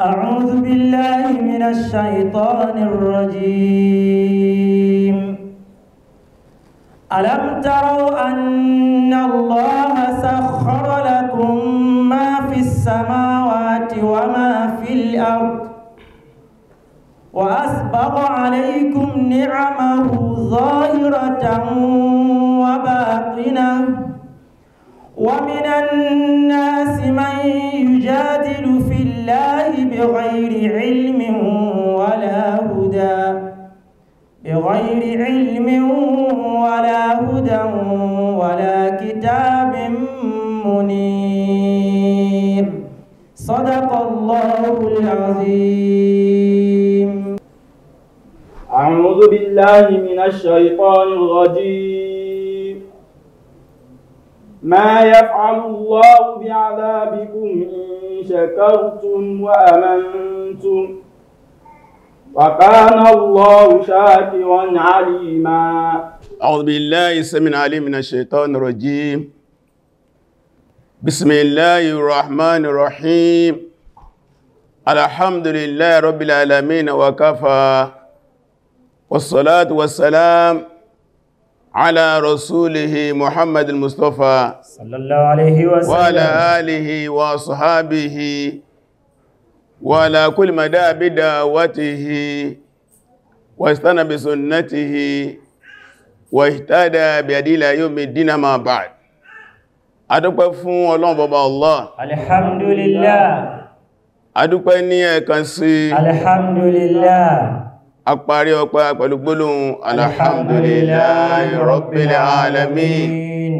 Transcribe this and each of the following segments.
أعوذ بالله من الشيطان الرجيم ألم تروا أن الله سخر لكم ما في السماوات وما في الأرض وأسبغ عليكم نعمه ظاهرة وباطنة ومن الناس بغير علم ولا هدى بغير علم ولا هدى ولا كتاب منير صدق الله العظيم أعوذ بالله من الشيطان الرجيم ما يفعل الله بعذابكم إن شكرتم وأمنتم وكان الله شاكرا عليما أعوذ بالله السميع العليم من الشيطان الرجيم بسم الله الرحمن الرحيم الحمد لله رب العالمين وكفى والصلاة والسلام على رسوله محمد المصطفى صلى الله عليه وسلم وعلى آله وصحابه وعلى كل مدى بدعوته واستنى بسنته واهتدى بهدي يوم الدين ما بعد adúpẹ́ fún ọlọ́run الله. الحمد لله. adúpẹ́ ní ẹ̀kan الحمد لله a parí ọpẹ́ pẹ̀lú gbólóhùn alhamdulillahi rabbil alamin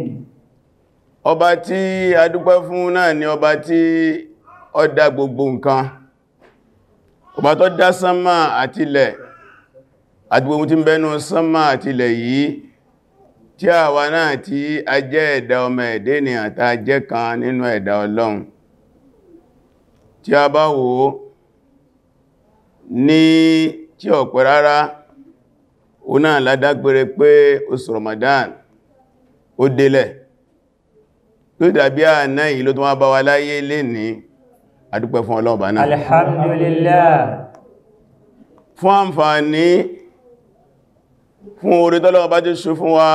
ọba tí a dúpẹ́ fún náà ni ọba tí ó dá gbogbo nǹkan ọba tó dá sánmà àtilẹ̀ àti gbogbo tí ń bẹnu sánmà àtilẹ̀ yìí tí àwa náà tí a jẹ́ ẹ̀dá ọmọ ẹ̀dẹ́ ni àta jẹ́ kan nínú ẹ̀dá Ọlọ́run tí a bá wò ní tí ó pẹ́ rárá o náà ládágbére pé oṣù Ramadan ó délẹ̀ tó dàbí àná yìí ló tó wá bá wa láyé lè ní àdúpẹ́ fún ọlọ́ọ̀bá náà alhamdulillah fún àǹfààní fún orí tọ́lọ́ọ̀bá tó ṣú fún wa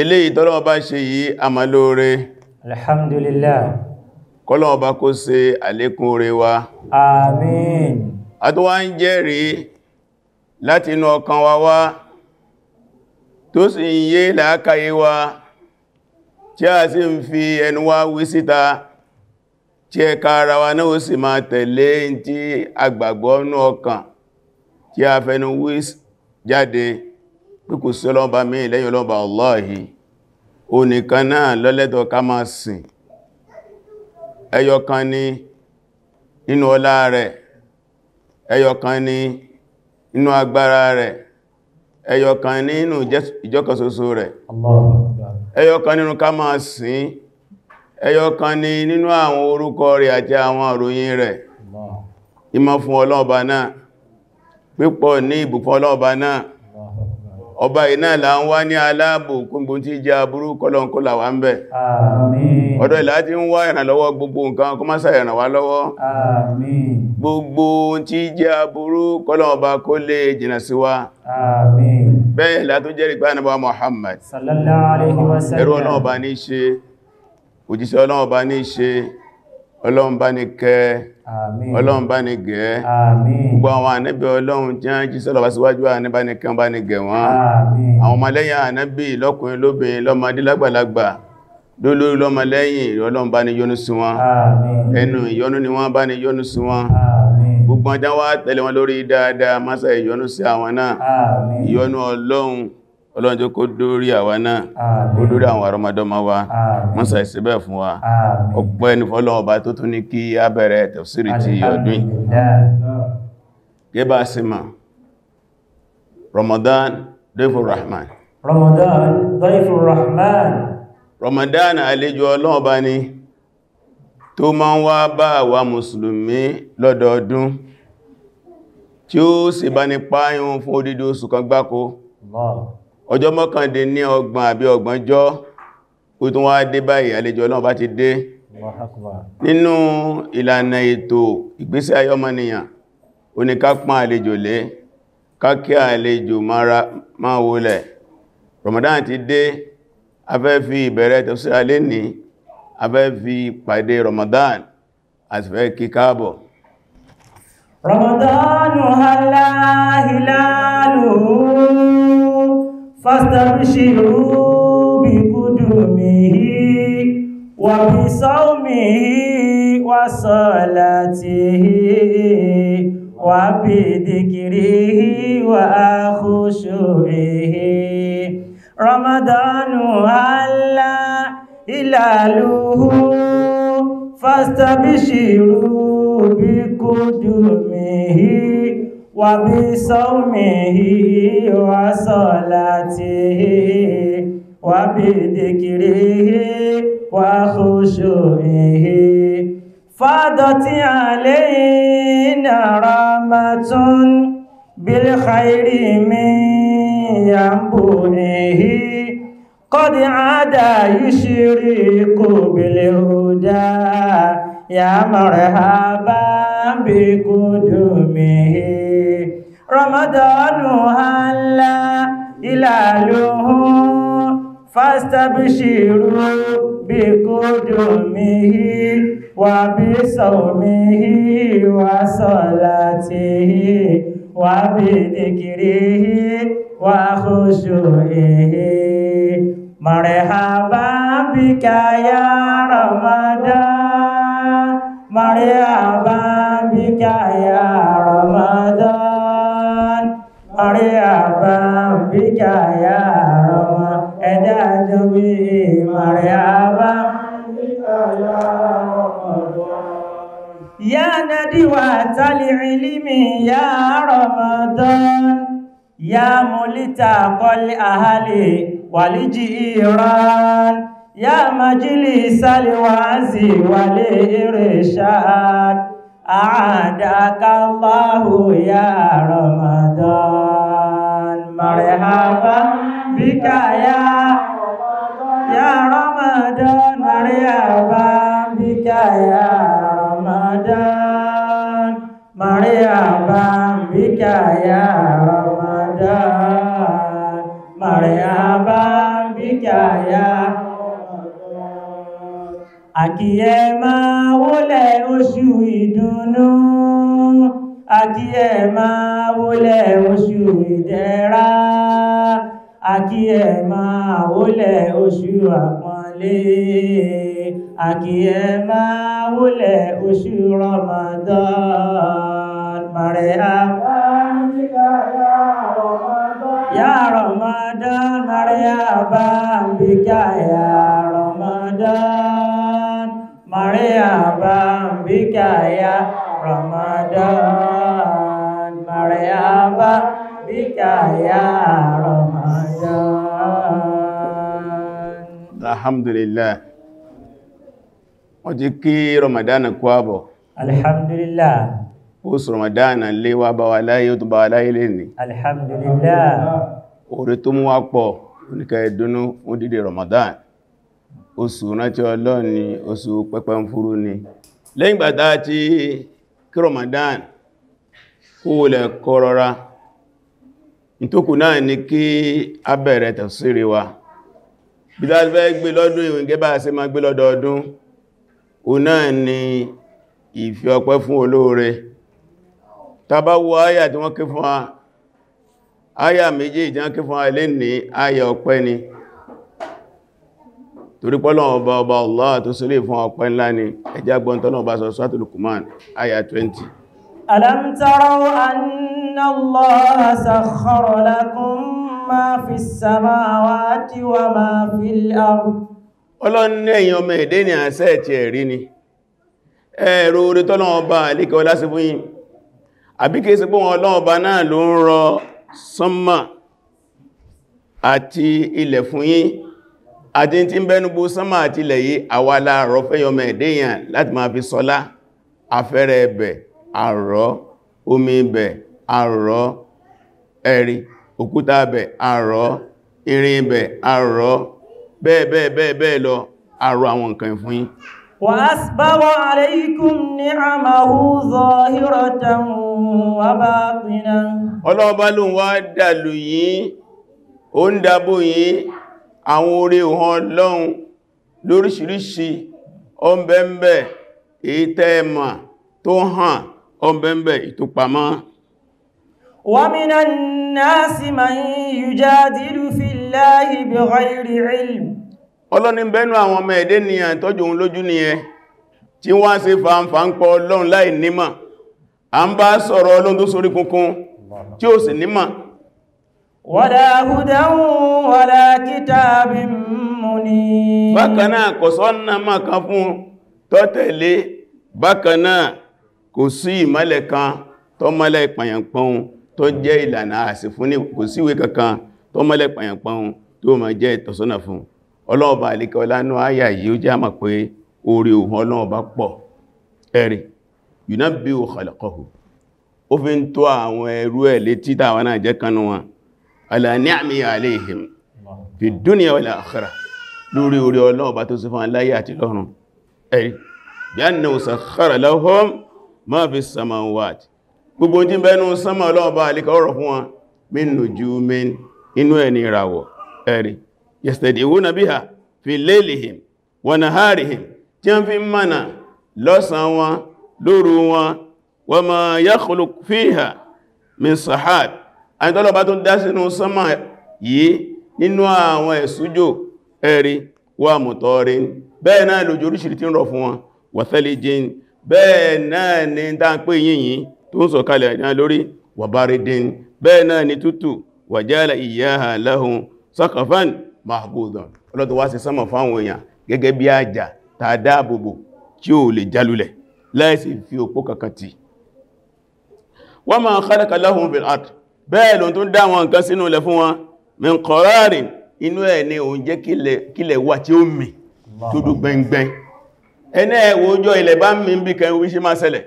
eléyìí tọ́lọ́ọ̀bá ṣe yìí àmàlóore alhamdulillah kọ́lọ́ọ̀bá kó se àlékún oore wa àmín àtúwà ń jẹ́rìí láti inú ọkàn wa wá tó sì ń yé làákàyè wa tí a sì ń fi ẹnu wa wí síta tí ẹka ara wa náà sì máa tẹ̀lé tí agbàgbọ́ nú ọkàn tí a fẹnu wí jáde pé kò sí ọlọ́ba mí lẹ́yìn ọlọ́ba Allahi o nìkan náà lọ́lẹ́tọ̀ ká máa sìn ẹyọkan ni nínú ọlá rẹ̀ ẹyọkan ni inú agbára rẹ̀ ẹyọkan ní inú ìjọkọsọsọ ṣoṣo rẹ̀ ẹyọkan nínú ká máa sìn ẹyọkan ni nínú àwọn orúkọ rẹ̀ àti àwọn àròyìn rẹ̀ ìmọ̀ fún ọlọ́ọ̀bá náà pípọ̀ ní ìbùkún ọlọ́ọ̀bá náà ọba iná là ń wá ní aláàbò kúngbò tí jẹ aburú kọlọ̀nkọlà wà ń bẹ̀. àmín ọ̀dọ̀ ìlà tí ń wá ìrànlọ́wọ́ gbogbo nǹkan kó má ṣàìràn wá lọ́wọ́. àmín gbogbo tí jẹ aburú kọlọ̀ọba kó lè jìnà sí wa. bẹ́ẹ̀ látó jẹ́rìí pé wasallam ẹrú Ọlọ́run ọba ní ṣe òjíṣẹ́ Ọlọ́run ọba ní ṣe Ọlọ́run bá ọlọ́run bá ní gẹ̀ẹ́ gbogbo àwọn ànábì ọlọ́run tí wọ́n jí bá síwájú ànábì nìkan bá ní gẹ̀ wọ́n àwọn ọmọlẹ́yìn ànábì lọ́kùnrin lóbìnrin lọ́mọdé lágbàlagbà lólórí lọ́mọlẹ́yìn ọlọ́run bá ní ọlọ́njọ́ kó dórí àwa náà kó dórí àwọn àrọmọdọ́mọ wa wọ́n sàì síbẹ̀ fún wa ọpẹ́ ní fọ́lọ́wọ́ bá tó tún ní kí a bẹ̀rẹ̀ tafsiri ti ọdún gẹ́bà símà Ramadan dayfur rahman Ramadan dayfur rahman Ramadan àlejò ọlọ́ọ̀bá ni tó máa ń wá bá àwa mùsùlùmí lọ́dọọdún tí ó sì bá ní páyún fún odidi oṣù kan Allah ọjọ́ mọ́kàndín ní ọgbọ̀n àbí ọgbọ̀njọ́ ó tún wá dé báyìí àlejò Ọlọ́run bá ti dé nínú ìlànà ètò ìgbésí ayé ọmọnìyàn ó ní ká pán àlejò lé ká kí àlejò máa wólẹ̀ Ramadan ti dé a fẹ́ fi ìbẹ̀rẹ̀ tafsir alẹ́ ní a fi pàdé Ramadan àti fẹ́ kí Ramadan hàlá hìlá فاستبشروا بقدومه وبصومه وصلاته وبذكره وخشوعه رمضان هلا هلاله فاستبشروا بقدومه وبصومه وصلاته وبذكره وخشوعه فاضت علينا رحمة بالخير من ينبوئه قد عاد يشرك بالهدى يا مرحبا بقدومه رمضان هلا هلاله فاستبشروا بقدومه وبصومه وصلاته وبذكره وخشوعه مرحبا بك يا رمضان مرحبا بك يا رمضان مريم بك يا رمضان أدعت به مرحبا يا رمضان يا ندوة العلم يا رمضان يا ملتقى الأهل والجيران يا مجلس الوعز والإرشاد A'adakallahu ya Ramadan Marhaban bika ya Ya Ramadan Marhaban bika ya Ramadan Marhaban bika ya Ramadan Marhaban bika ya Ramadan àkìyẹ máa wólẹ̀ oṣù ìdùnnú àkìyẹ máa wólẹ̀ oṣù ìdẹ̀ra àkìyẹ máa wólẹ̀ oṣù àpọ́nlé àkìyẹ máa wólẹ̀ oṣù Ramadan mọ̀rẹ́ àwọn ya Ramadan mọ̀rẹ́ àbá ń bí káyà Ramadan. مرحبا بك يا رمضان مرحبا بك يا رمضان الحمد لله wọ́n ti kí ramadana alhamdulillah oṣù ramadana lè wá bá wa láyé ó tún bá wa láyé lè ní alhamdulillah orí tu mú wá ni oníkà ìdúnú ó dìde ramadan oṣù rántí ni oṣù pẹ́pẹ́ ń fúrú ni lẹ́yìn gbàtà tí kí Ramadan kó lẹ kọrọra ìtókù náà ni kí a bẹ̀rẹ̀ wa bí i gbé lọ́dún ìwọ̀n gẹ́bà sí ma gbé lọ́dọọdún o náà ni ìfi ọpẹ́ fún olóore tàbá wo tí wọ́n ké fún a méjì fún a lè ní ọpẹ́ ni torí pọ́lọ̀wọ̀ ọba ọba Allah tó sílé fún ọpẹ́ ńlá ni ẹjá gbọ́ntọ́nà ọba sọ sọ́tù Luqman àyà 20 alam taraw anna Allaha sakhkhara lakum ma fi s-samawati wa ma fi l ọlọ́n ní ẹ̀yin ọmọ èdè ní àṣẹ ẹ̀tì ẹ̀rí ni ẹ̀rọ orí tọ́nà ọba àlékẹ́ ọlá àbíkẹ́ sí pọ́n ọlọ́ọba náà ló ń rọ sánmà àti ilẹ̀ fún àti tí ń bẹnugbó sánmà àti ilẹ̀ yìí àwàlá àrọ̀ èdèyàn láti máa fi sọlá afẹ́rẹ́ ẹbẹ̀ àrọ̀ omi ibẹ̀ àrọ̀ ẹ̀rí òkúta ibẹ̀ àrọ̀ irin ibẹ̀ àrọ̀ bẹ́ẹ̀ lọ àrọ̀ àwọn nǹkan fún yín وأسبغ عليكم نعمه àwọn oore ohun lọ́hun lóríṣiríṣi ọmbẹ̀mbẹ̀ ìtẹ́ẹ̀mà tó hàn ọmbẹ̀mbẹ̀ ìtòpamọ́ wa minan nasi man yujadilu fillahi bighayri ilm ọlọ́ni bẹnu àwọn ọmọ ẹ̀dẹ́ ni àìtọ́jú òun lójú ni ẹ tí wọ́n ṣe fàǹfà ń pọ̀ ọlọ́run láì nímọ̀ a ń bá sọ̀rọ̀ ọlọ́run tó sórí kunkun tí ó sì nímọ̀ wàdá hùdáhùn wàdá kìtàbí múni bákanáà kò sọ́nà makan fún tó tẹ̀lé bákanáà kò sí ìmọ́lẹ̀ kan tó mọ́lẹ̀ ìpàyànpọ̀un tó jẹ́ ìlànà àsìfúnni kò síwé kankan tó mọ́lẹ̀ ìpàyànpọ̀un tó ma jẹ́ ìtọ̀sọ́nà fún ọlọ́ọ̀bà àlíkẹ́ ọlánú ayà yìí ó já mọ̀ pé orí ohun ọlọ́ọ̀bá pọ̀ ẹ̀rì yùnábí ò khalaqahu ala ni'mi alayhim fi dunya wal akhirah lórí orí Ọlọ́run bá tó sí fún aláyé àti lọ́run ẹ̀rí bí anna sakhkhara lahum ma fi samawati gbogbo tí bẹnu sánmà Ọlọ́run bá alíkà ọ̀rọ̀ fún wọn min nujumin inú ẹ̀ ní ìràwọ̀ ẹ̀rí min sahab àìtọ́lọ̀ bá tó dá sínú sánmà yìí nínú àwọn ẹ̀sújò ẹ̀rí wà mọ̀tọ́rí bẹ́ẹ̀ náà lójú oríṣìí tí ń rọ̀ fún wọn wàtẹ́lẹ̀ jìn bẹ́ẹ̀ náà ni tá ń pè yìnyìn tó ń sọ̀kalẹ̀ náà lórí wàbáridin bẹ́ẹ̀ náà ni tútù wàjálà ìyáhà lahum sakafan mahgudan ọlọ́tọ̀ wá sí sánmà fáwọn èèyàn gẹ́gẹ́ bí àjà tàdáàbòbò tí ó lè jálulẹ̀ láìsí fi òpó bẹ́ẹ̀ ló tún dá wọn nǹkan sínú ilẹ̀ fún wọn min qararin inú ẹ̀ ni òun jẹ́ kílẹ̀ wà tí ó mì tó dùn gbẹngbẹn ẹni ẹ̀wọ̀ ojọ́ ilẹ̀ bá mì ń bí kẹ wí ṣe máa ṣẹlẹ̀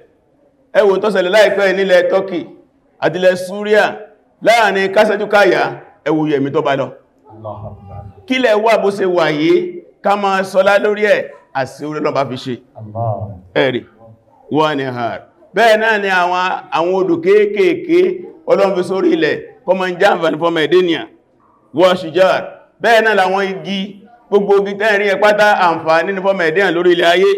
ẹ̀wọ̀n tó ṣẹlẹ̀ láìpẹ́ nílẹ̀ Turkey àdílẹ̀ Syria láàrin kásẹ̀túkáyà ẹ̀wọ̀ yẹ̀mí tó bá lọ kílẹ̀ wà bó ṣe wà yìí ká máa sọlá lórí ẹ̀ àti orí lọ́bá fi ṣe ẹ̀rì wọ́n ni hàr bẹ́ẹ̀ náà ni àwọn odò kéékèèké ọlọ́run fi sórí ilẹ̀ kọmọ jàǹfàní fọmọ ẹ̀dẹ́nìyà wọ́ṣìjá bẹ́ẹ̀ náà làwọn igi gbogbo igi tẹ́rin ẹpátá àǹfàní ní fọmọ ẹ̀dẹ́nìyà lórí ilẹ̀ ayé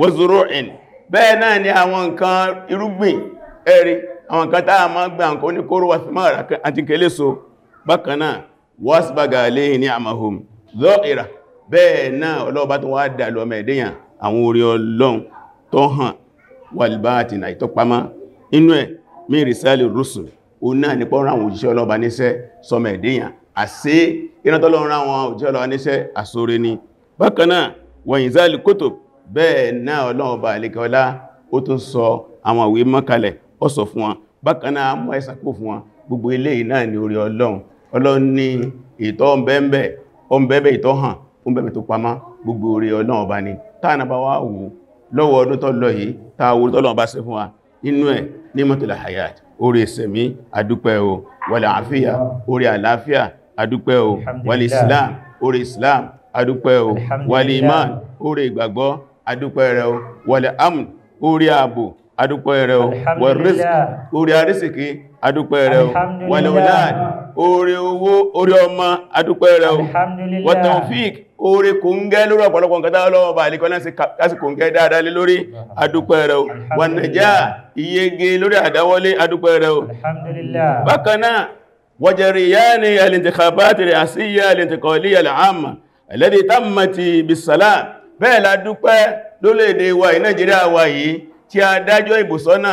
wọ́zùrọ̀ìn bẹ́ẹ̀ ni àwọn nǹkan irúgbìn ẹ̀rí àwọn nǹkan tá a máa gbà nǹkan ní kóró wà símára àti kẹlẹ́so bákan náà wọ́sbàgà lè ní àmàhùn zọ́ìrà bẹ́ẹ̀ náà inú ẹ̀ mi risali rusul o náà nípa ọ̀rọ̀ àwọn òjíṣẹ́ ọlọ́ba níṣẹ́ sọmọ ẹ̀dẹ́yàn àṣẹ ìrántọ́lọ́rọ̀ àwọn òjíṣẹ́ ọlọ́ba níṣẹ́ àṣóre ni bákan náà wọ̀nyí zali kótò bẹ́ẹ̀ náà ọlọ́ọ̀ba àlekọ́lá ó tún sọ àwọn ìwé mọ́kalẹ̀ ó sọ fún wọn bákan náà mọ́ ẹsà kó fún wọn gbogbo eléyìí náà ni orí ọlọ́run ito ní ìtọ́ ọ̀bẹ̀ẹ̀bẹ̀ ọ̀bẹ̀ẹ̀bẹ̀ ìtọ́ hàn ọ̀bẹ̀ẹ̀bẹ̀ tó pamá gbogbo orí ọlọ́run ọba ni táà náà bá wá wò lọ́wọ́ ọdún tó lọ yìí táà wò tọ́lọ́run bá ṣe fún wa inú ẹ̀ ní mọ́tàlá hayat orí ìsẹ̀mí adúpẹ́ o wàlẹ̀ àfíyà orí àláfíà adúpẹ́ o wàlẹ̀ islam orí islam adúpẹ́ o wàlẹ̀ iman orí ìgbàgbọ́ adúpẹ́ rẹ̀ o wàlẹ̀ amn orí ààbò adúpẹ́ rẹ̀ o orí arísìkí adúpẹ́ rẹ̀ o wàlẹ̀wòláàdì orí owó orí ọmọ adúpẹ́ rẹ̀ o wàtànfíìk orí kòǹgẹ́ lórí ọ̀pọ̀lọpọ̀ nǹkan táwọn ọlọ́wọ́ bà nìkan láti kòǹgẹ́ dáadáa lé lórí adúpẹ́ rẹ̀ o wànàjá ìyege lórí àdáwọlé adúpẹ́ rẹ̀ o bákan náà Nàìjíríà wa yìí tí a dájọ́ ìbò sọ́nà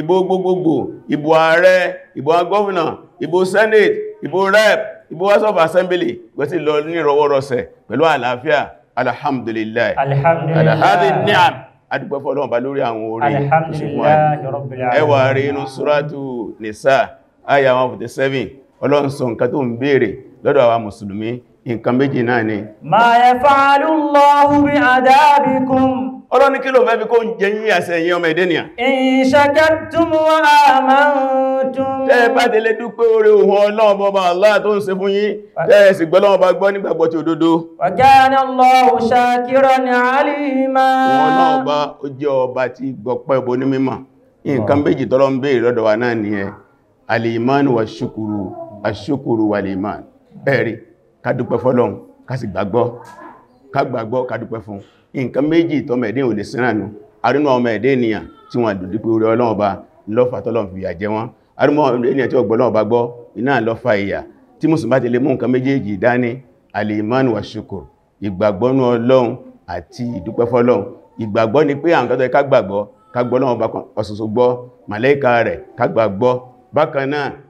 ìbò gbogbogbò ìbò ààrẹ ìbò agọ́fìnà ìbò senate ìbò rep ìbò house of assembly gbẹ̀sí lọ ní ìrọwọ́rọsẹ̀ pẹ̀lú àlàáfíà alhamdulillah alhamdulillah adúgbẹ́ fọ́lọ́wọ́n bá lórí àwọn orí ẹwà suratu nisa aya 157 ọlọ́run sọ nǹkan tó ń béèrè lọ́dọ̀ nǹkan méjì náà ni ma yaf'alu Allahu bi'adabikum ọlọ́ni kí ló mẹ́bí kó ń jẹ yí àṣẹ yí ọmọ ìdẹ́nìyà in shakartum wa amantum tẹ́ bá délé dúpẹ́ orí ohun ọlọ́ọ̀bọ̀ bá Allah tó ń ṣe fún yín tẹ́ sì gbọ́lọ́ọ̀bá gbọ́ nígbàgbọ́ tí òdodo wa kana ká dúpẹ́ fọ́lọ́run ká sì gbàgbọ́ ká gbàgbọ́ ká dúpẹ́ fún nǹkan méjì tọ́mọ ẹ̀dẹ́ ò lè sínrànú arínú ọmọ ẹ̀dẹ́ ènìyàn tí wọ́n dùn dípé orí ọlọ́run ọba lọ́fà tọ́lọ́run fi yà jẹ wọ́n arínú ọmọ ènìyàn tí ọgbọ̀n ọba gbọ́ iná lọ́fà ìyà tí mùsùlùmí ti lè mú nǹkan méjèèjì dání al-iman wa shukur ìgbàgbọ́nú ọlọ́run àti ìdúpẹ́ fọ́lọ́run ìgbàgbọ́ ni pé àwọn kan tó yẹ ká gbàgbọ́ ká gbọ́ ọlọ́run ọba ọ̀sọ̀sọ̀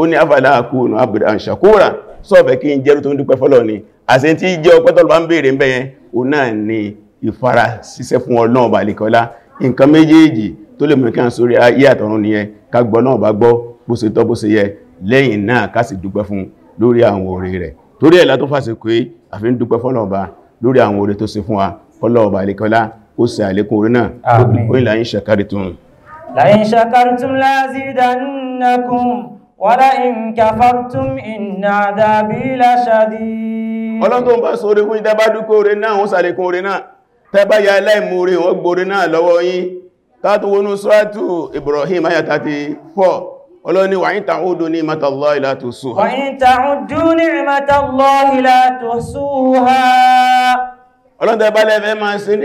ó ní àfàlà àkúnù abdan shakura sọ́ọ̀fẹ́ kí n jẹ́rú tó ń dúpẹ́ fọ́lọ́ ni àṣẹ tí jẹ́ ọpẹ́ tọ́lọ́ bá ń bèèrè ń bẹ̀yẹn ó náà ni ìfara síṣẹ́ fún Ọlọ́run bá lèkọ́lá nǹkan méjèèjì tó lè mọ̀ kí a sórí ayé àtọ̀run nìyẹn ká gbọ́ náà bá gbọ́ bó ṣe tọ́ bó ṣe yẹ lẹ́yìn náà ká ولئن كفرتم إن عذابي لشديد ọlọ́n tó ń bá sóre fún ìdábá dúkó orí náà wọ́n sàlékún orí náà tẹ́bá ya aláìmúrí wọ́n gborí náà lọ́wọ́ yín káàtù wọnú suratu Ibrahim ayat 34 ọlọ́ni wa in ta'udu ní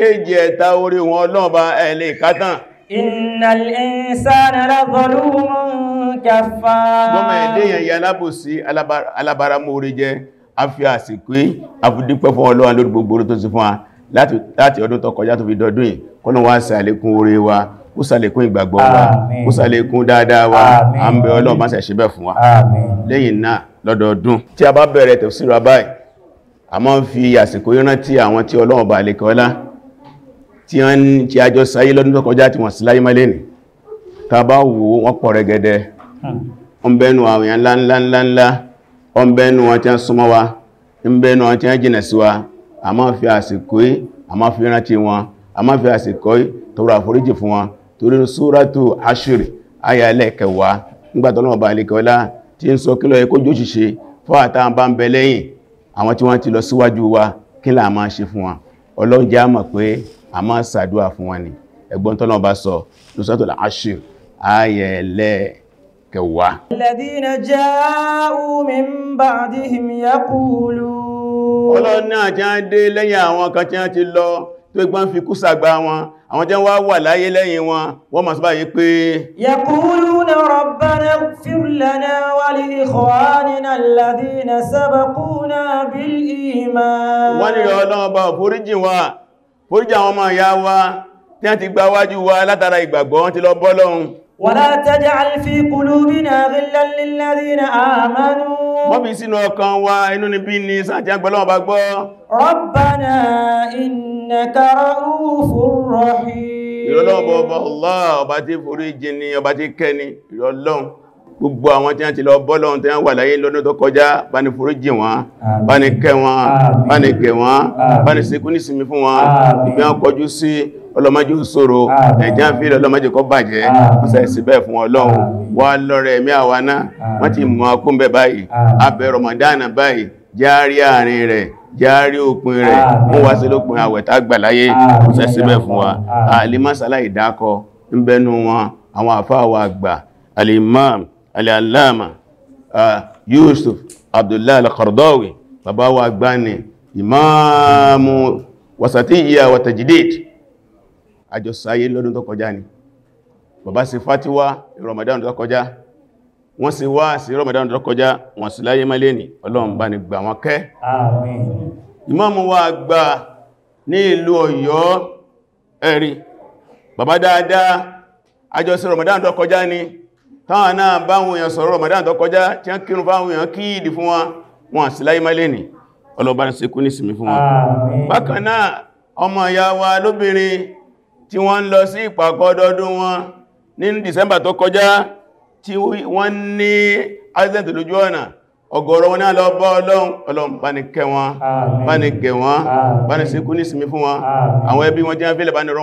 èjì ẹ̀ta innal insana lazulumun kafar gbọ́mọ̀ ẹ̀dẹ́ yẹn yẹ alábòsí alábaramóore jẹ́ a fi àsìkò àfidípẹ́ fún Ọlọ́run lórí gbogbo oore tó sí fún wa láti ọdún tó kọjá tó fi dọdún yìí kọ́nà wá ṣàlékún oore wa kó ṣàlékún ìgbàgbọ́ wa kó ṣàlékún dáadáa wa a ń bẹ Ọlọ́run má ṣe ṣe bẹ́ẹ̀ tí wọ́n ń tí a jọ sáyé lọ́dún tó kọjá tí wọ́n sí láyé mẹ́lẹ́ ni tàbá wo wọ́n pọ̀ rẹ̀gẹ̀dẹ̀ ọmọbẹ̀nu àwọn èèyàn ńláńláńlá ọmọbẹ̀nu wọn tí wọ́n súnmọ́ wa ọmọbẹ̀nu wọn tí wọ́n jìnà sí wa a máa fi àsìkò yìí a máa fi rántí wọn a máa fi àsìkò yìí tọrọ àforíjì fún wọn torí súrátù ashiri aya ẹlẹ́kẹwàá nígbà tọ́lọ́wọ́ bá alẹ́kẹ̀ọ́lá tí pé a máa ṣàdúrà fún wọn ni ẹgbọ́n tọ́lọ́ bá sọ lọ́sọ́tọ̀ Ashir ayẹ̀lẹ́ kẹwàá. alladhina ja'u min ba'dihim yaqulu. ọlọ́run náà tí a dé lẹ́yìn àwọn kan tí a ti lọ tó gbọ́n fi kú sàgbà wọn àwọn jẹ́ wá wà láyé lẹ́yìn wọn wọ́n máa sọ báyìí pé yaquluna rabbana ighfir lana wa li ikhwanina alladhina sabaquna bil iman wọ́n ni ọlọ́run bá foríjì wa foríjì àwọn ọmọ ìyá wa tí wọ́n ti gba wájú wa látara ìgbàgbọ́ wọn ti lọ bọ́ lọ́hun wala taj'al fi qulubina ghillan lil ladhina amanu mọ́bí sínú ọkàn wa inú ni bí ní gbogbo àwọn tí wọ́n ti lọ bọ́lọ́un tí wọ́n wà láyé lọ́dún tó kọjá bá ní foríjì wọn bá ní kẹ́ wọn bá ní gẹ̀ wọn bá ní ṣekú ní sinmi fún wọn ìgbé wọn kọjú sí ọlọ́májú ṣòro ẹ̀já fi ọlọ́májú kọ bàjẹ́ ọ̀sẹ̀ ìsìbẹ̀ fún ọlọ́run wà lọ́rẹ̀ ẹ̀mí àwa náà wọ́n ti mọ̀ akúnbẹ̀ báyìí abẹ̀ rọmọdánà báyìí járí àárín rẹ̀ járí òpin rẹ̀ mú wá sí lópin àwẹ̀ta gbàláyé ọ̀sẹ̀ síbẹ̀ fún wa alimásálà ìdákọ ń bẹnu wọn àwọn àfáà wa àgbà alimam al-allama yusuf abdullahi al-qardawi bàbá wa gbani ìmáàmù wasatiyya wa tajdid àjọsáyé lọ́dún tó kọjá ni bàbá ṣe fatiwa ramadan tó kọjá wọ́n ṣe wá sí ramadan tó kọjá wọ́n sì láyé má lẹ́ni ọlọ́run bá ni gbà wọn kẹ́ àmín wa gbà ní ìlú ọ̀yọ́ ẹ̀rí bàbá dáadáa àjọsí ramadan tó kọjá ni káwọn náà báwọn èèyàn sọ̀rọ̀ Ramadan tó kọjá tí a kírun fáwọn èèyàn kí ìdí fún wọn wọn sí láyé mẹ́lẹ̀ ní ọlọ́bá ní sekú ní sinmi fún wọn bákan náà ọmọ ìyá wa lóbìnrin tí wọ́n ń lọ sí ìpàkọ́ ọdọọdún wọn ní December tó kọjá tí wọ́n ní accident lójú ọ̀nà ọ̀gọ̀rọ̀ wọn ní àlọ́ bá ọlọ́run ọlọ́run bá ní kẹ́ wọn bá ní gẹ̀ wọn bá ní síkú ní sinmi fún wọn àwọn ẹbí wọn jẹ́ fílẹ̀ bá ní rọ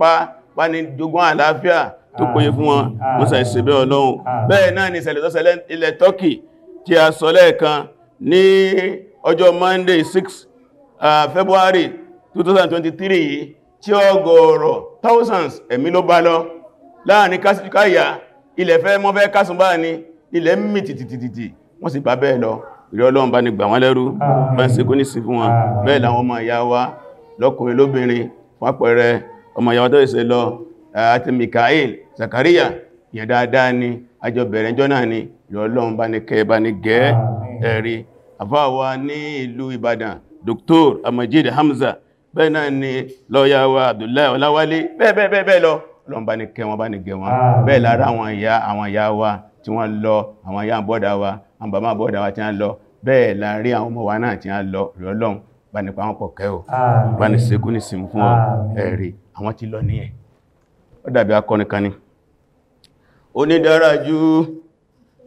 pa bá ní jogún àlàáfíà tó ah. péye fún wọn ah. mọ́sàn ìsẹ̀bẹ̀ ọlọ́run ah. bẹ́ẹ̀ náà ni ìṣẹ̀lẹ̀ tó ṣẹlẹ̀ ilẹ̀ Turkey tí a sọ lẹ́ẹ̀kan ní ọjọ́ Monday 6 uh, February 2023 yìí tí ọgọ́rọ̀ thousands ẹ̀mí ló bá lọ láàrin kásíkáyà ilẹ̀ fẹ́ mọ́ fẹ́ kásùn bá ní ilẹ̀ mì tìtìtìtì wọ́n sì bá bẹ́ẹ̀ lọ ìrẹ́ ọlọ́run bá ní gbà wọ́n lẹ́rú bá ń ṣe kó ní sí fún wọn bẹ́ẹ̀ làwọn ọmọ ìyá wa lọ́kùnrin lóbìnrin fún àpẹẹrẹ ọmọ ìyàwó tó ìṣẹ́ lọ àti Mikael Zakaria yẹn dáadáa ni àjọ bẹ̀rẹ̀ jọ náà ni lọ́lọ́run bá ní kẹ́ bá ní gẹ́ ẹ̀rí àfáàwà ní ìlú Ìbàdàn Dr. Amajid Hamza bẹ́ẹ̀ náà ni lọ́yà wa Abdullahi Ọláwálé bẹ́ẹ̀bẹ́ẹ̀ lọ lọ́n bá ní kẹ́ wọn bá ní gẹ́ wọn bẹ́ẹ̀ lára àwọn ìyá àwọn ìyá wa tí wọ́n lọ àwọn ìyá bọ́dà wa àwọn bàbá bọ́dà wa tí wọ́n lọ pọ̀kẹ́ ò bá ní ṣe kú ní sinmi fún ẹ̀rí àwọn ti lọ ní ẹ̀ ó dàbí akọnikanni ó ní daraju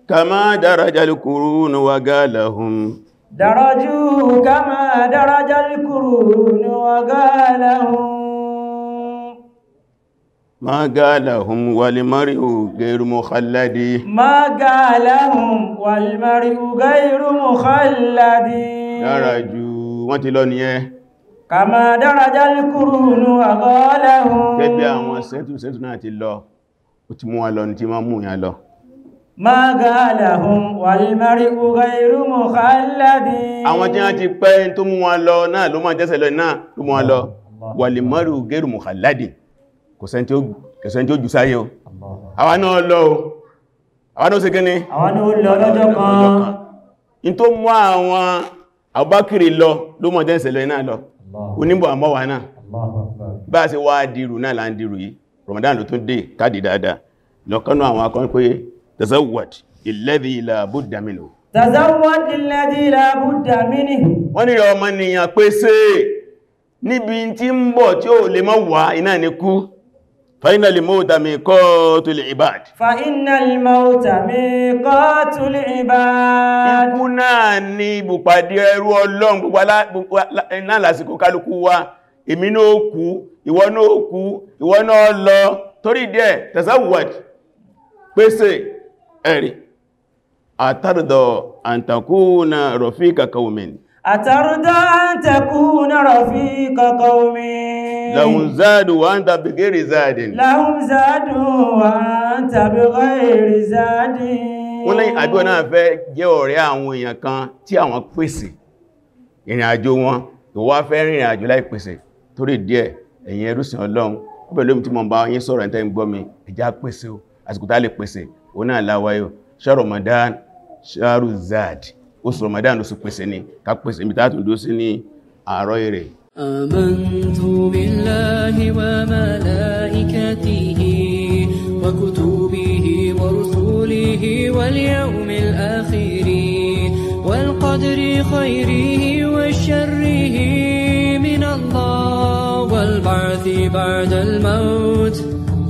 kama darajal kurunu wa galahum daraju kama darajal kurunu wa galahum ma galahum wal mari'u ghayru mukhalladi ma galahum wal mari'u ghayru mukhalladi daraju wọ́n ti lọ ní ẹ̀ kàmà dáradá líkúrú inú àgọ́ọ́lẹ́hùn gẹ́gbẹ́ àwọn sẹ́tù sẹ́tù náà ti lọ ó ti mú wa lọ ní ti máa mú ìyàn lọ máa gáàlà hun wàlmari uga irú mọ̀ kàálàdì àwọn tí wọ́n ti pẹ́ tó mú wa lọ náà ló máa jẹ́sẹ̀ lọ náà ló mú wa lọ wàlmari uga irú mọ̀ kàálàdì mọ̀ jẹ́sẹ̀ oníbọ̀ àmọ́wà náà bá se wá dìrù náà là ń dìrù yìí Ramadan ló tún dé káàdì dáadáa lọ́kànnà àwọn akọrin pé tazawwad alladhi la budda minhu tazawwad alladhi la budda wọ́n ni ọmọ nìyàn pé sí níbi tí ń bọ̀ tí ó lè mọ́ wà iná ní kú فإن الموت ميقات العباد فإن الموت ميقات العباد ikú náà ni ibùpàdé ẹrú Ọlọ́run gbogbo náà lásìkò kálukú wa èmi náà kú ìwọ náà kú ìwọ náà lọ torí díẹ̀ tazawwad pèsè ẹ̀rì àtàrdọ̀ an takuna rafika qaumin àtàrúdá tẹkù náà fi kọkọ omi lahun zaadu wa ń tàbí gẹ́rì zaadin lahun zaadu wa ń tàbí gẹ́rì zaadin wọ́n lẹ́yìn àjọ náà fẹ́ jẹ́ ọ̀rẹ́ àwọn èèyàn kan tí àwọn pèsè ìrìn àjò wọn tó wá fẹ́ rìnrìn àjò láì pèsè torí díẹ̀ ẹ̀yin ẹrúsìn ọlọ́run pẹ̀lú omi tí oṣù Ramadan ló pèsè ní ká pèsè ibi dúró sí ní àárọ̀ èrè آمنت بالله وملائكته وكتبه ورسوله واليوم الآخر والقدر خيره وشره من الله والبعث بعد الموت